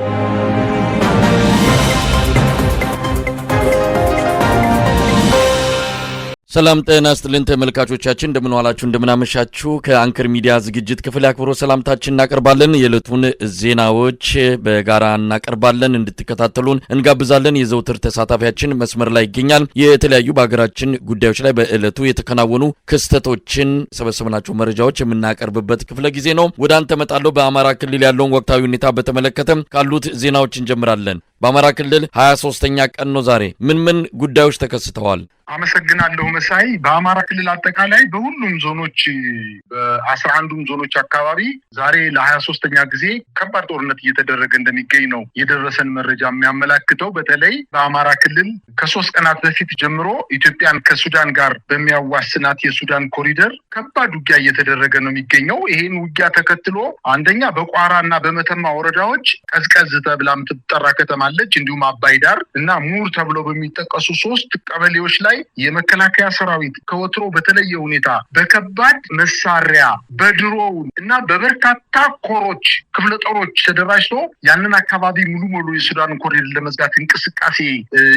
Thank you. ሰላም ጤና ስጥልን ተመልካቾቻችን፣ እንደምንዋላችሁ እንደምናመሻችሁ። ከአንከር ሚዲያ ዝግጅት ክፍል አክብሮ ሰላምታችን እናቀርባለን። የዕለቱን ዜናዎች በጋራ እናቀርባለን፣ እንድትከታተሉን እንጋብዛለን። የዘውትር ተሳታፊያችን መስመር ላይ ይገኛል። የተለያዩ በሀገራችን ጉዳዮች ላይ በዕለቱ የተከናወኑ ክስተቶችን ሰበሰብናቸው መረጃዎች የምናቀርብበት ክፍለ ጊዜ ነው። ወደ አንተ እመጣለሁ። በአማራ ክልል ያለውን ወቅታዊ ሁኔታ በተመለከተ ካሉት ዜናዎች እንጀምራለን። በአማራ ክልል 23 ሶስተኛ ቀን ነው ዛሬ። ምን ምን ጉዳዮች ተከስተዋል? አመሰግናለሁ መሳይ። በአማራ ክልል አጠቃላይ በሁሉም ዞኖች በአስራ አንዱም ዞኖች አካባቢ ዛሬ ለሀያ ሶስተኛ ጊዜ ከባድ ጦርነት እየተደረገ እንደሚገኝ ነው የደረሰን መረጃ የሚያመላክተው። በተለይ በአማራ ክልል ከሶስት ቀናት በፊት ጀምሮ ኢትዮጵያን ከሱዳን ጋር በሚያዋስናት የሱዳን ኮሪደር ከባድ ውጊያ እየተደረገ ነው የሚገኘው። ይህን ውጊያ ተከትሎ አንደኛ በቋራ እና በመተማ ወረዳዎች ቀዝቀዝ ተብላ የምትጠራ ከተማለች። እንዲሁም አባይ ዳር እና ሙር ተብሎ በሚጠቀሱ ሶስት ቀበሌዎች ላይ የመከላከያ ሰራዊት ከወትሮ በተለየ ሁኔታ በከባድ መሳሪያ በድሮውን እና በበርካታ ኮሮች ክፍለ ጦሮች ተደራጅቶ ያንን አካባቢ ሙሉ ሙሉ የሱዳን ኮሪደር ለመዝጋት እንቅስቃሴ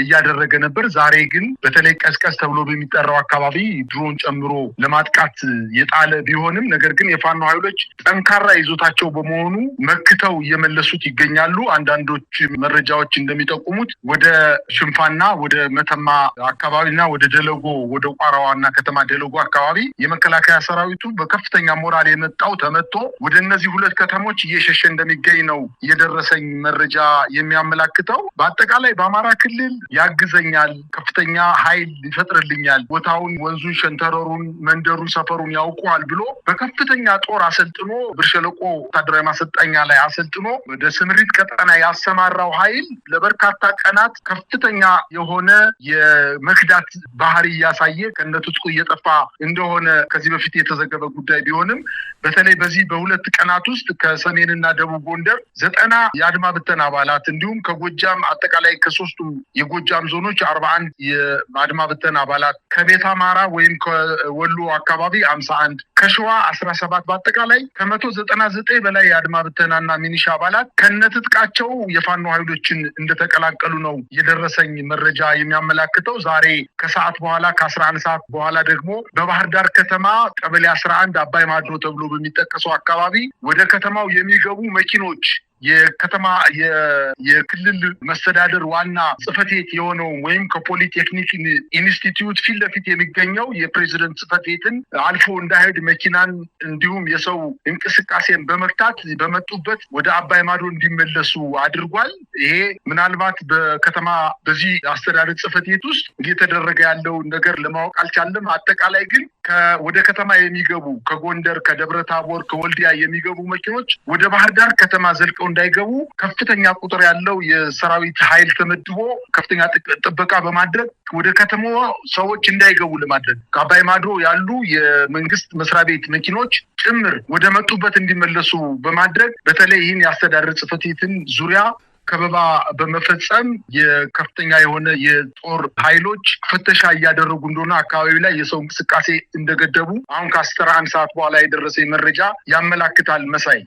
እያደረገ ነበር። ዛሬ ግን በተለይ ቀስቀስ ተብሎ በሚጠራው አካባቢ ድሮን ጨምሮ ለማጥቃት የጣለ ቢሆንም ነገር ግን የፋኖ ኃይሎች ጠንካራ ይዞታቸው በመሆኑ መክተው እየመለሱት ይገኛሉ። አንዳንዶች መረጃዎች እንደሚጠቁሙት ወደ ሽንፋና ወደ መተማ አካባቢና ወደ ደለጎ ወደ ቋራ ዋና ከተማ ደለጎ አካባቢ የመከላከያ ሰራዊቱ በከፍተኛ ሞራል የመጣው ተመቶ ወደ እነዚህ ሁለት ከተሞች እየሸሸ እንደሚገኝ ነው የደረሰኝ መረጃ የሚያመላክተው። በአጠቃላይ በአማራ ክልል ያግዘኛል፣ ከፍተኛ ኃይል ይፈጥርልኛል፣ ቦታውን፣ ወንዙን፣ ሸንተረሩን፣ መንደሩን፣ ሰፈሩን ያውቀዋል ብሎ በከፍተኛ ጦር አሰልጥኖ ብርሸለቆ ወታደራዊ ማሰልጠኛ ላይ አሰልጥኖ ወደ ስምሪት ቀጠና ያሰማራው ኃይል ለበርካታ ቀናት ከፍተኛ የሆነ የመክዳት ባህሪ እያሳየ ከነ ትጥቁ እየጠፋ እንደሆነ ከዚህ በፊት የተዘገበ ጉዳይ ቢሆንም በተለይ በዚህ በሁለት ቀናት ውስጥ ከሰሜንና ደቡብ ጎንደር ዘጠና የአድማ ብተን አባላት እንዲሁም ከጎጃም አጠቃላይ ከሶስቱ የጎጃም ዞኖች አርባ አንድ የአድማ ብተን አባላት ከቤት አማራ ወይም ከወሎ አካባቢ አምሳ አንድ ከሸዋ አስራ ሰባት በአጠቃላይ ከመቶ ዘጠና ዘጠኝ በላይ የአድማ ብተናና ሚኒሻ አባላት ከነትጥቃቸው የፋኖ ኃይሎችን እንደተቀላቀሉ ነው የደረሰኝ መረጃ የሚያመላክተው ዛሬ ከሰዓት በኋላ ከአስራ አንድ ሰዓት በኋላ ደግሞ በባህር ዳር ከተማ ቀበሌ አስራ አንድ አባይ ማዶ ተብሎ በሚጠቀሰው አካባቢ ወደ ከተማው የሚገቡ መኪኖች የከተማ የክልል መስተዳደር ዋና ጽህፈት ቤት የሆነው ወይም ከፖሊቴክኒክ ኢንስቲትዩት ፊት ለፊት የሚገኘው የፕሬዚደንት ጽህፈት ቤትን አልፎ እንዳይሄድ መኪናን እንዲሁም የሰው እንቅስቃሴን በመርታት በመጡበት ወደ አባይ ማዶ እንዲመለሱ አድርጓል። ይሄ ምናልባት በከተማ በዚህ አስተዳደር ጽህፈት ቤት ውስጥ እየተደረገ ያለውን ነገር ለማወቅ አልቻለም። አጠቃላይ ግን ወደ ከተማ የሚገቡ ከጎንደር፣ ከደብረ ታቦር፣ ከወልዲያ የሚገቡ መኪኖች ወደ ባህር ዳር ከተማ ዘልቀው እንዳይገቡ ከፍተኛ ቁጥር ያለው የሰራዊት ኃይል ተመድቦ ከፍተኛ ጥበቃ በማድረግ ወደ ከተማዋ ሰዎች እንዳይገቡ ለማድረግ ከአባይ ማዶ ያሉ የመንግስት መስሪያ ቤት መኪኖች ጭምር ወደ መጡበት እንዲመለሱ በማድረግ በተለይ ይህን የአስተዳደር ጽፈት ቤትን ዙሪያ ከበባ በመፈጸም የከፍተኛ የሆነ የጦር ኃይሎች ፍተሻ እያደረጉ እንደሆነ አካባቢ ላይ የሰው እንቅስቃሴ እንደገደቡ አሁን ከአስራ አንድ ሰዓት በኋላ የደረሰ መረጃ ያመላክታል። መሳይ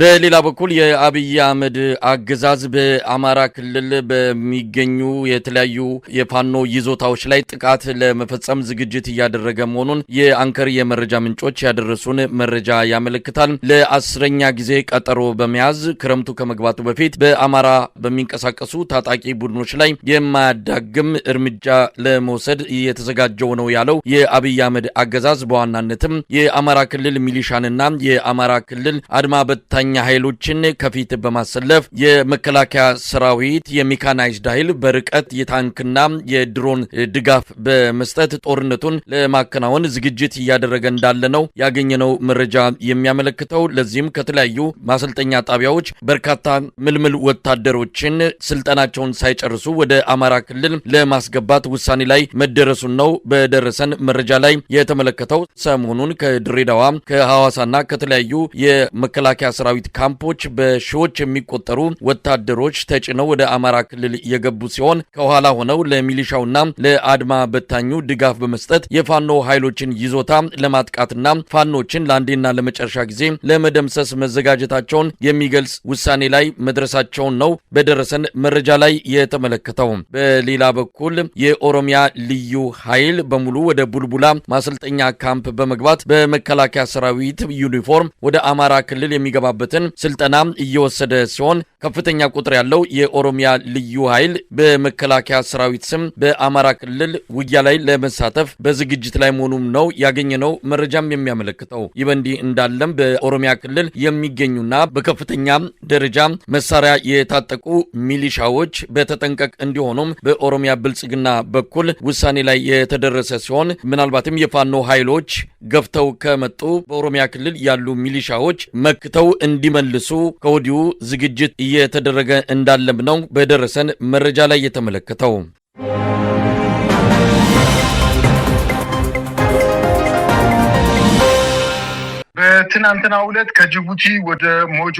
በሌላ በኩል የአብይ አህመድ አገዛዝ በአማራ ክልል በሚገኙ የተለያዩ የፋኖ ይዞታዎች ላይ ጥቃት ለመፈጸም ዝግጅት እያደረገ መሆኑን የአንከር የመረጃ ምንጮች ያደረሱን መረጃ ያመለክታል። ለአስረኛ ጊዜ ቀጠሮ በመያዝ ክረምቱ ከመግባቱ በፊት በአማራ በሚንቀሳቀሱ ታጣቂ ቡድኖች ላይ የማያዳግም እርምጃ ለመውሰድ እየተዘጋጀው ነው ያለው የአብይ አህመድ አገዛዝ በዋናነትም የአማራ ክልል ሚሊሻንና የአማራ ክልል አድማ በታኝ መደበኛ ኃይሎችን ከፊት በማሰለፍ የመከላከያ ሰራዊት የሜካናይዝድ ኃይል በርቀት የታንክና የድሮን ድጋፍ በመስጠት ጦርነቱን ለማከናወን ዝግጅት እያደረገ እንዳለ ነው ያገኘነው መረጃ የሚያመለክተው። ለዚህም ከተለያዩ ማሰልጠኛ ጣቢያዎች በርካታ ምልምል ወታደሮችን ስልጠናቸውን ሳይጨርሱ ወደ አማራ ክልል ለማስገባት ውሳኔ ላይ መደረሱን ነው በደረሰን መረጃ ላይ የተመለከተው። ሰሞኑን ከድሬዳዋ ከሐዋሳና ከተለያዩ የመከላከያ ሰራዊት ሰራዊት ካምፖች በሺዎች የሚቆጠሩ ወታደሮች ተጭነው ወደ አማራ ክልል የገቡ ሲሆን ከኋላ ሆነው ለሚሊሻውና ለአድማ በታኙ ድጋፍ በመስጠት የፋኖ ኃይሎችን ይዞታ ለማጥቃትና ፋኖችን ለአንዴና ለመጨረሻ ጊዜ ለመደምሰስ መዘጋጀታቸውን የሚገልጽ ውሳኔ ላይ መድረሳቸውን ነው በደረሰን መረጃ ላይ የተመለከተው። በሌላ በኩል የኦሮሚያ ልዩ ኃይል በሙሉ ወደ ቡልቡላ ማሰልጠኛ ካምፕ በመግባት በመከላከያ ሰራዊት ዩኒፎርም ወደ አማራ ክልል የሚገባበት የሚችሉበትን ስልጠና እየወሰደ ሲሆን ከፍተኛ ቁጥር ያለው የኦሮሚያ ልዩ ኃይል በመከላከያ ሰራዊት ስም በአማራ ክልል ውጊያ ላይ ለመሳተፍ በዝግጅት ላይ መሆኑም ነው ያገኘነው መረጃም የሚያመለክተው። ይህ በእንዲህ እንዳለም በኦሮሚያ ክልል የሚገኙና በከፍተኛ ደረጃ መሳሪያ የታጠቁ ሚሊሻዎች በተጠንቀቅ እንዲሆኑም በኦሮሚያ ብልጽግና በኩል ውሳኔ ላይ የተደረሰ ሲሆን ምናልባትም የፋኖ ኃይሎች ገፍተው ከመጡ በኦሮሚያ ክልል ያሉ ሚሊሻዎች መክተው እንዲመልሱ ከወዲሁ ዝግጅት እየ እየተደረገ እንዳለም ነው በደረሰን መረጃ ላይ የተመለከተው። በትናንትና ዕለት ከጅቡቲ ወደ ሞጆ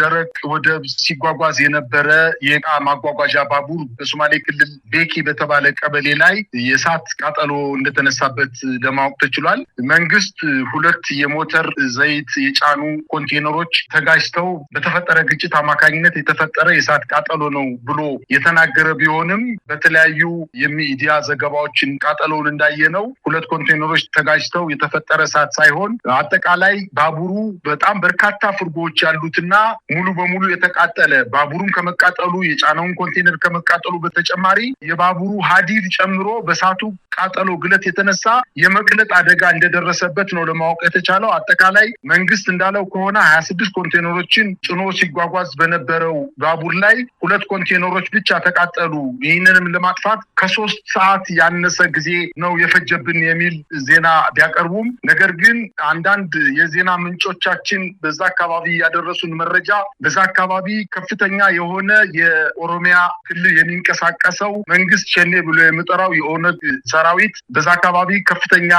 ደረቅ ወደብ ሲጓጓዝ የነበረ የእቃ ማጓጓዣ ባቡር በሶማሌ ክልል ቤኪ በተባለ ቀበሌ ላይ የእሳት ቃጠሎ እንደተነሳበት ለማወቅ ተችሏል። መንግስት ሁለት የሞተር ዘይት የጫኑ ኮንቴነሮች ተጋጅተው በተፈጠረ ግጭት አማካኝነት የተፈጠረ የእሳት ቃጠሎ ነው ብሎ የተናገረ ቢሆንም በተለያዩ የሚዲያ ዘገባዎችን ቃጠሎውን እንዳየ ነው ሁለት ኮንቴነሮች ተጋጅተው የተፈጠረ እሳት ሳይሆን አጠቃላይ ባቡሩ በጣም በርካታ ፍርጎዎች ያሉትና ሙሉ በሙሉ የተቃጠለ ባቡሩን ከመቃጠሉ የጫነውን ኮንቴነር ከመቃጠሉ በተጨማሪ የባቡሩ ሀዲድ ጨምሮ በሳቱ ቃጠሎ ግለት የተነሳ የመቅለጥ አደጋ እንደደረሰበት ነው ለማወቅ የተቻለው። አጠቃላይ መንግስት እንዳለው ከሆነ ሀያ ስድስት ኮንቴነሮችን ጭኖ ሲጓጓዝ በነበረው ባቡር ላይ ሁለት ኮንቴነሮች ብቻ ተቃጠሉ። ይህንንም ለማጥፋት ከሶስት ሰዓት ያነሰ ጊዜ ነው የፈጀብን የሚል ዜና ቢያቀርቡም ነገር ግን አንዳንድ የዜና ምንጮቻችን በዛ አካባቢ ያደረሱን መረጃ በዛ አካባቢ ከፍተኛ የሆነ የኦሮሚያ ክልል የሚንቀሳቀሰው መንግስት ሸኔ ብሎ የሚጠራው የኦነግ ሰራዊት በዛ አካባቢ ከፍተኛ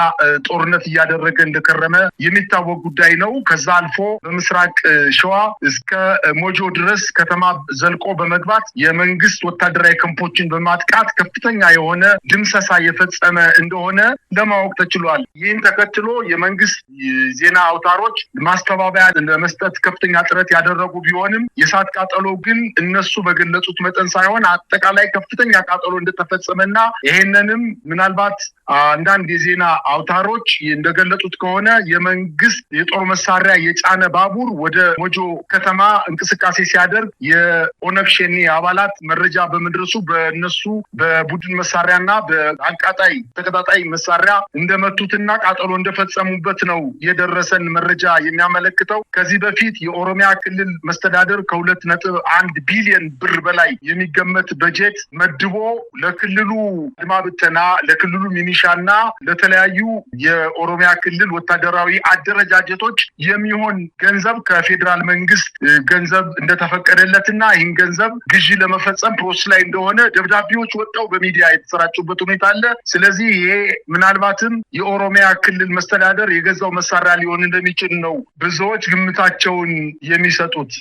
ጦርነት እያደረገ እንደከረመ የሚታወቅ ጉዳይ ነው። ከዛ አልፎ በምስራቅ ሸዋ እስከ ሞጆ ድረስ ከተማ ዘልቆ በመግባት የመንግስት ወታደራዊ ክንፎችን በማጥቃት ከፍተኛ የሆነ ድምሰሳ የፈጸመ እንደሆነ ለማወቅ ተችሏል። ይህን ተከትሎ የመንግስት ዜና አውታሮች ሰዎች ማስተባበያ ለመስጠት ከፍተኛ ጥረት ያደረጉ ቢሆንም የእሳት ቃጠሎ ግን እነሱ በገለጹት መጠን ሳይሆን አጠቃላይ ከፍተኛ ቃጠሎ እንደተፈጸመና ይሄንንም ምናልባት አንዳንድ የዜና አውታሮች እንደገለጹት ከሆነ የመንግስት የጦር መሳሪያ የጫነ ባቡር ወደ ሞጆ ከተማ እንቅስቃሴ ሲያደርግ የኦነግ ሸኔ አባላት መረጃ በመድረሱ በእነሱ በቡድን መሳሪያና በአቃጣይ ተቀጣጣይ መሳሪያ እንደመቱትና ቃጠሎ እንደፈጸሙበት ነው የደረሰን መረጃ መረጃ የሚያመለክተው ከዚህ በፊት የኦሮሚያ ክልል መስተዳደር ከሁለት ነጥብ አንድ ቢሊዮን ብር በላይ የሚገመት በጀት መድቦ ለክልሉ አድማ ብተና፣ ለክልሉ ሚኒሻና ለተለያዩ የኦሮሚያ ክልል ወታደራዊ አደረጃጀቶች የሚሆን ገንዘብ ከፌዴራል መንግስት ገንዘብ እንደተፈቀደለትና ይህን ገንዘብ ግዢ ለመፈጸም ፕሮስ ላይ እንደሆነ ደብዳቤዎች ወጣው በሚዲያ የተሰራጩበት ሁኔታ አለ። ስለዚህ ይሄ ምናልባትም የኦሮሚያ ክልል መስተዳደር የገዛው መሳሪያ ሊሆን እንደሚችል ነው ብዙዎች ግምታቸውን የሚሰጡት።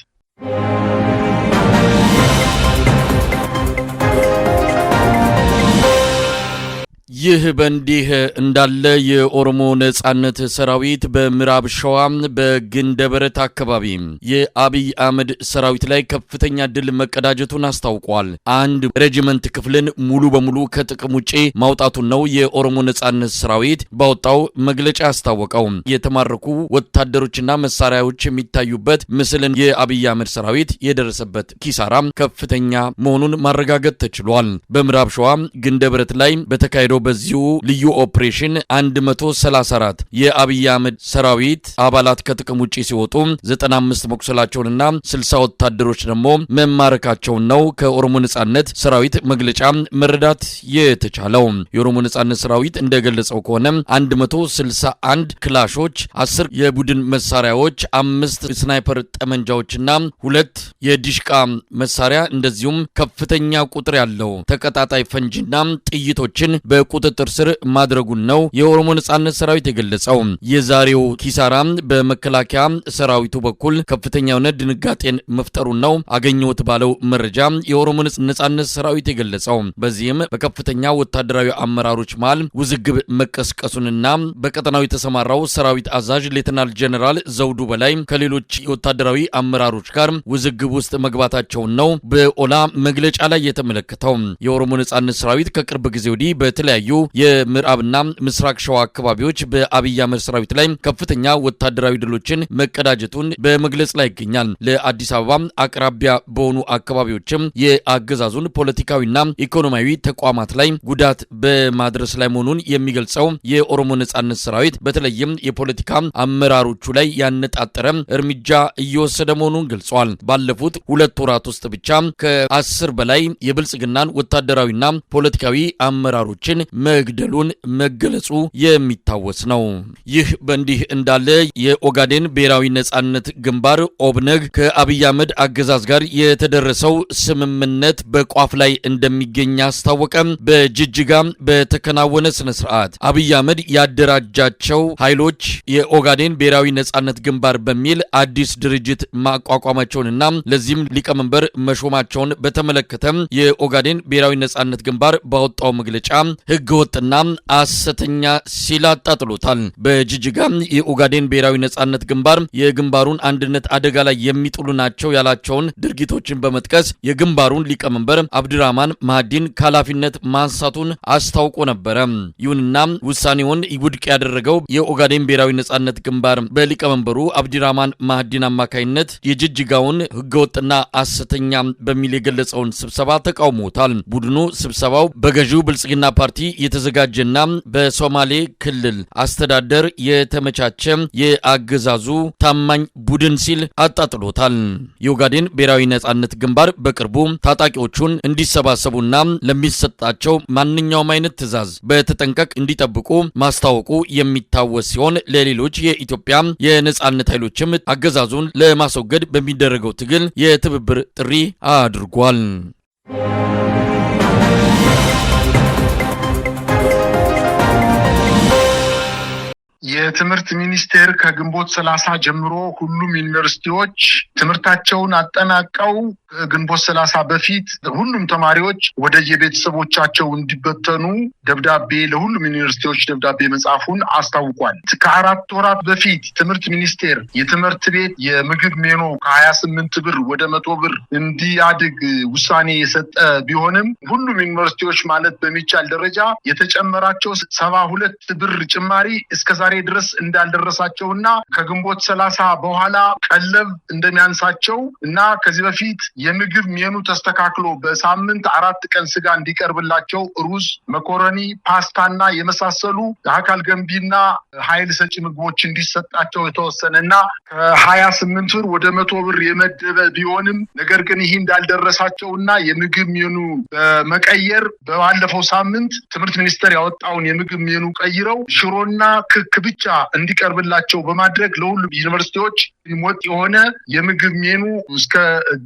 ይህ በእንዲህ እንዳለ የኦሮሞ ነጻነት ሰራዊት በምዕራብ ሸዋ በግንደበረት አካባቢ የአብይ አህመድ ሰራዊት ላይ ከፍተኛ ድል መቀዳጀቱን አስታውቋል። አንድ ሬጅመንት ክፍልን ሙሉ በሙሉ ከጥቅም ውጪ ማውጣቱን ነው የኦሮሞ ነጻነት ሰራዊት ባወጣው መግለጫ ያስታወቀው። የተማረኩ ወታደሮችና መሳሪያዎች የሚታዩበት ምስልን የአብይ አህመድ ሰራዊት የደረሰበት ኪሳራም ከፍተኛ መሆኑን ማረጋገጥ ተችሏል። በምዕራብ ሸዋ ግንደበረት ላይ በተካሄደው በዚሁ ልዩ ኦፕሬሽን 134 የአብይ አህመድ ሰራዊት አባላት ከጥቅም ውጪ ሲወጡ 95 መቁሰላቸውንና 60 ወታደሮች ደግሞ መማረካቸውን ነው ከኦሮሞ ነጻነት ሰራዊት መግለጫ መረዳት የተቻለው። የኦሮሞ ነጻነት ሰራዊት እንደገለጸው ከሆነ 161 ክላሾች፣ 10 የቡድን መሳሪያዎች፣ አምስት ስናይፐር ጠመንጃዎችና ሁለት የዲሽቃ መሳሪያ እንደዚሁም ከፍተኛ ቁጥር ያለው ተቀጣጣይ ፈንጂና ጥይቶችን በቁ ቁጥጥር ስር ማድረጉን ነው የኦሮሞ ነጻነት ሰራዊት የገለጸው። የዛሬው ኪሳራ በመከላከያ ሰራዊቱ በኩል ከፍተኛ የሆነ ድንጋጤን መፍጠሩን ነው አገኘሁት ባለው መረጃ የኦሮሞ ነጻነት ሰራዊት የገለጸው። በዚህም በከፍተኛ ወታደራዊ አመራሮች መሃል ውዝግብ መቀስቀሱንና በቀጠናው የተሰማራው ሰራዊት አዛዥ ሌተናል ጀነራል ዘውዱ በላይ ከሌሎች የወታደራዊ አመራሮች ጋር ውዝግብ ውስጥ መግባታቸውን ነው በኦላ መግለጫ ላይ የተመለከተው። የኦሮሞ ነጻነት ሰራዊት ከቅርብ ጊዜ ወዲህ በተለያዩ በተለያዩ የምዕራብና ምስራቅ ሸዋ አካባቢዎች በአብይ አህመድ ሰራዊት ላይ ከፍተኛ ወታደራዊ ድሎችን መቀዳጀቱን በመግለጽ ላይ ይገኛል። ለአዲስ አበባ አቅራቢያ በሆኑ አካባቢዎችም የአገዛዙን ፖለቲካዊና ኢኮኖሚያዊ ተቋማት ላይ ጉዳት በማድረስ ላይ መሆኑን የሚገልጸው የኦሮሞ ነጻነት ሰራዊት በተለይም የፖለቲካ አመራሮቹ ላይ ያነጣጠረ እርምጃ እየወሰደ መሆኑን ገልጿል። ባለፉት ሁለት ወራት ውስጥ ብቻ ከአስር በላይ የብልጽግናን ወታደራዊና ፖለቲካዊ አመራሮችን መግደሉን መገለጹ የሚታወስ ነው። ይህ በእንዲህ እንዳለ የኦጋዴን ብሔራዊ ነጻነት ግንባር ኦብነግ ከአብይ አህመድ አገዛዝ ጋር የተደረሰው ስምምነት በቋፍ ላይ እንደሚገኝ አስታወቀ። በጅጅጋ በተከናወነ ስነ ስርዓት አብይ አህመድ ያደራጃቸው ኃይሎች የኦጋዴን ብሔራዊ ነጻነት ግንባር በሚል አዲስ ድርጅት ማቋቋማቸውንና ለዚህም ሊቀመንበር መሾማቸውን በተመለከተ የኦጋዴን ብሔራዊ ነጻነት ግንባር ባወጣው መግለጫ ህግ ህገወጥና አሰተኛ ሲል አጣጥሎታል። በጅጅጋ የኦጋዴን ብሔራዊ ነጻነት ግንባር የግንባሩን አንድነት አደጋ ላይ የሚጥሉ ናቸው ያላቸውን ድርጊቶችን በመጥቀስ የግንባሩን ሊቀመንበር አብድራማን ማህዲን ከኃላፊነት ማንሳቱን አስታውቆ ነበረ። ይሁንና ውሳኔውን ውድቅ ያደረገው የኦጋዴን ብሔራዊ ነጻነት ግንባር በሊቀመንበሩ አብዲራማን ማህዲን አማካይነት የጅጅጋውን ህገወጥና አሰተኛ በሚል የገለጸውን ስብሰባ ተቃውሞታል። ቡድኑ ስብሰባው በገዢው ብልጽግና ፓርቲ የተዘጋጀና በሶማሌ ክልል አስተዳደር የተመቻቸ የአገዛዙ ታማኝ ቡድን ሲል አጣጥሎታል። የኦጋዴን ብሔራዊ ነጻነት ግንባር በቅርቡ ታጣቂዎቹን እንዲሰባሰቡና ለሚሰጣቸው ማንኛውም አይነት ትዕዛዝ በተጠንቀቅ እንዲጠብቁ ማስታወቁ የሚታወስ ሲሆን ለሌሎች የኢትዮጵያ የነጻነት ኃይሎችም አገዛዙን ለማስወገድ በሚደረገው ትግል የትብብር ጥሪ አድርጓል። የትምህርት ሚኒስቴር ከግንቦት ሰላሳ ጀምሮ ሁሉም ዩኒቨርሲቲዎች ትምህርታቸውን አጠናቀው ግንቦት ሰላሳ በፊት ሁሉም ተማሪዎች ወደ የቤተሰቦቻቸው እንዲበተኑ ደብዳቤ ለሁሉም ዩኒቨርሲቲዎች ደብዳቤ መጻፉን አስታውቋል። ከአራት ወራት በፊት ትምህርት ሚኒስቴር የትምህርት ቤት የምግብ ሜኖ ከሀያ ስምንት ብር ወደ መቶ ብር እንዲያድግ ውሳኔ የሰጠ ቢሆንም ሁሉም ዩኒቨርሲቲዎች ማለት በሚቻል ደረጃ የተጨመራቸው ሰባ ሁለት ብር ጭማሪ እስከዛሬ ድረስ እንዳልደረሳቸውና ከግንቦት ሰላሳ በኋላ ቀለብ እንደሚያንሳቸው እና ከዚህ በፊት የምግብ ሜኑ ተስተካክሎ በሳምንት አራት ቀን ስጋ እንዲቀርብላቸው ሩዝ፣ መኮረኒ፣ ፓስታና የመሳሰሉ የአካል ገንቢና ኃይል ሰጪ ምግቦች እንዲሰጣቸው የተወሰነና ከሀያ ስምንት ብር ወደ መቶ ብር የመደበ ቢሆንም ነገር ግን ይህ እንዳልደረሳቸውና የምግብ ሜኑ በመቀየር በባለፈው ሳምንት ትምህርት ሚኒስቴር ያወጣውን የምግብ ሜኑ ቀይረው ሽሮና ክክ ብቻ እንዲቀርብላቸው በማድረግ ለሁሉም ዩኒቨርሲቲዎች ሞቅ የሆነ የምግብ ሜኑ እስከ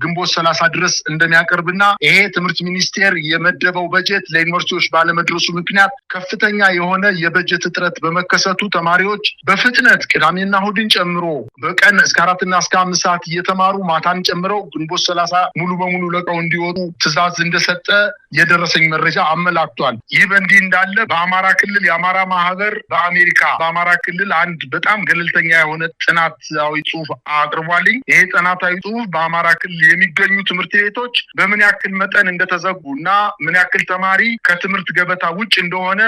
ግንቦት ሰላሳ ድረስ እንደሚያቀርብና ይሄ ትምህርት ሚኒስቴር የመደበው በጀት ለዩኒቨርሲቲዎች ባለመድረሱ ምክንያት ከፍተኛ የሆነ የበጀት እጥረት በመከሰቱ ተማሪዎች በፍጥነት ቅዳሜና እሑድን ጨምሮ በቀን እስከ አራትና እስከ አምስት ሰዓት እየተማሩ ማታን ጨምረው ግንቦት ሰላሳ ሙሉ በሙሉ ለቀው እንዲወጡ ትዕዛዝ እንደሰጠ የደረሰኝ መረጃ አመላክቷል። ይህ በእንዲህ እንዳለ በአማራ ክልል የአማራ ማህበር በአሜሪካ የአማራ ክልል አንድ በጣም ገለልተኛ የሆነ ጥናታዊ ጽሁፍ አቅርቧልኝ። ይሄ ጥናታዊ ጽሁፍ በአማራ ክልል የሚገኙ ትምህርት ቤቶች በምን ያክል መጠን እንደተዘጉ እና ምን ያክል ተማሪ ከትምህርት ገበታ ውጭ እንደሆነ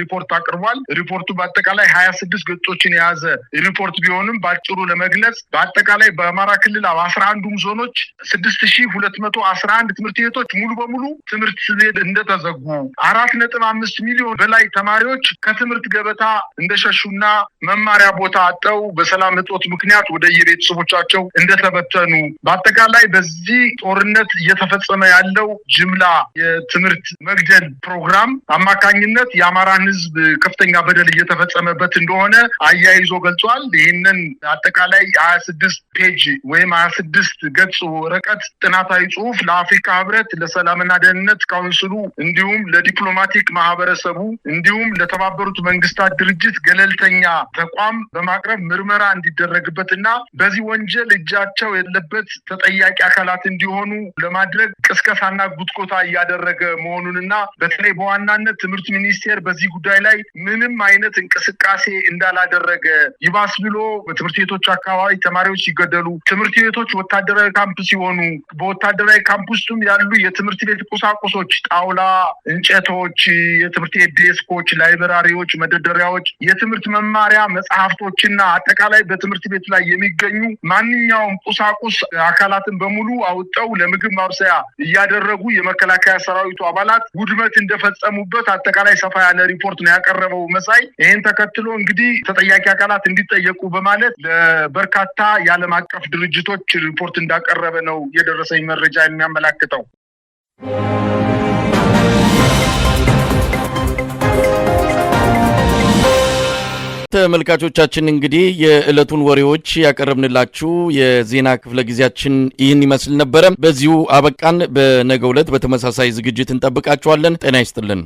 ሪፖርት አቅርቧል። ሪፖርቱ በአጠቃላይ ሀያ ስድስት ገጾችን የያዘ ሪፖርት ቢሆንም በአጭሩ ለመግለጽ በአጠቃላይ በአማራ ክልል አስራ አንዱም ዞኖች ስድስት ሺ ሁለት መቶ አስራ አንድ ትምህርት ቤቶች ሙሉ በሙሉ ትምህርት ቤት እንደተዘጉ አራት ነጥብ አምስት ሚሊዮን በላይ ተማሪዎች ከትምህርት ገበታ እንደሸሹ እና መማሪያ ቦታ አጠው በሰላም እጦት ምክንያት ወደ የቤተሰቦቻቸው እንደተበተኑ በአጠቃላይ በዚህ ጦርነት እየተፈጸመ ያለው ጅምላ የትምህርት መግደል ፕሮግራም አማካኝነት የአማራን ህዝብ ከፍተኛ በደል እየተፈጸመበት እንደሆነ አያይዞ ገልጿል። ይህንን አጠቃላይ ሀያ ስድስት ፔጅ ወይም ሀያ ስድስት ገጽ ወረቀት ጥናታዊ ጽሁፍ ለአፍሪካ ህብረት ለሰላምና ደህንነት ካውንስሉ እንዲሁም ለዲፕሎማቲክ ማህበረሰቡ እንዲሁም ለተባበሩት መንግስታት ድርጅት ገለልተ ገለልተኛ ተቋም በማቅረብ ምርመራ እንዲደረግበት በዚህ ወንጀል እጃቸው የለበት ተጠያቂ አካላት እንዲሆኑ ለማድረግ ቅስቀሳና ጉትቆታ እያደረገ መሆኑንና በተለይ በዋናነት ትምህርት ሚኒስቴር በዚህ ጉዳይ ላይ ምንም አይነት እንቅስቃሴ እንዳላደረገ ይባስ ብሎ በትምህርት ቤቶች አካባቢ ተማሪዎች ሲገደሉ፣ ትምህርት ቤቶች ወታደራዊ ካምፕ ሲሆኑ በወታደራዊ ካምፕ ውስጡም ያሉ የትምህርት ቤት ቁሳቁሶች ጣውላ፣ እንጨቶች፣ የትምህርት ቤት ዴስኮች፣ ላይብራሪዎች፣ መደርደሪያዎች የትምህርት መማሪያ መጽሐፍቶችና አጠቃላይ በትምህርት ቤት ላይ የሚገኙ ማንኛውም ቁሳቁስ አካላትን በሙሉ አውጠው ለምግብ ማብሰያ እያደረጉ የመከላከያ ሰራዊቱ አባላት ውድመት እንደፈጸሙበት አጠቃላይ ሰፋ ያለ ሪፖርት ነው ያቀረበው መሳይ። ይህን ተከትሎ እንግዲህ ተጠያቂ አካላት እንዲጠየቁ በማለት ለበርካታ የዓለም አቀፍ ድርጅቶች ሪፖርት እንዳቀረበ ነው የደረሰኝ መረጃ የሚያመላክተው። ተመልካቾቻችን እንግዲህ የዕለቱን ወሬዎች ያቀረብንላችሁ የዜና ክፍለ ጊዜያችን ይህን ይመስል ነበረ። በዚሁ አበቃን። በነገው ዕለት በተመሳሳይ ዝግጅት እንጠብቃችኋለን። ጤና ይስጥልን።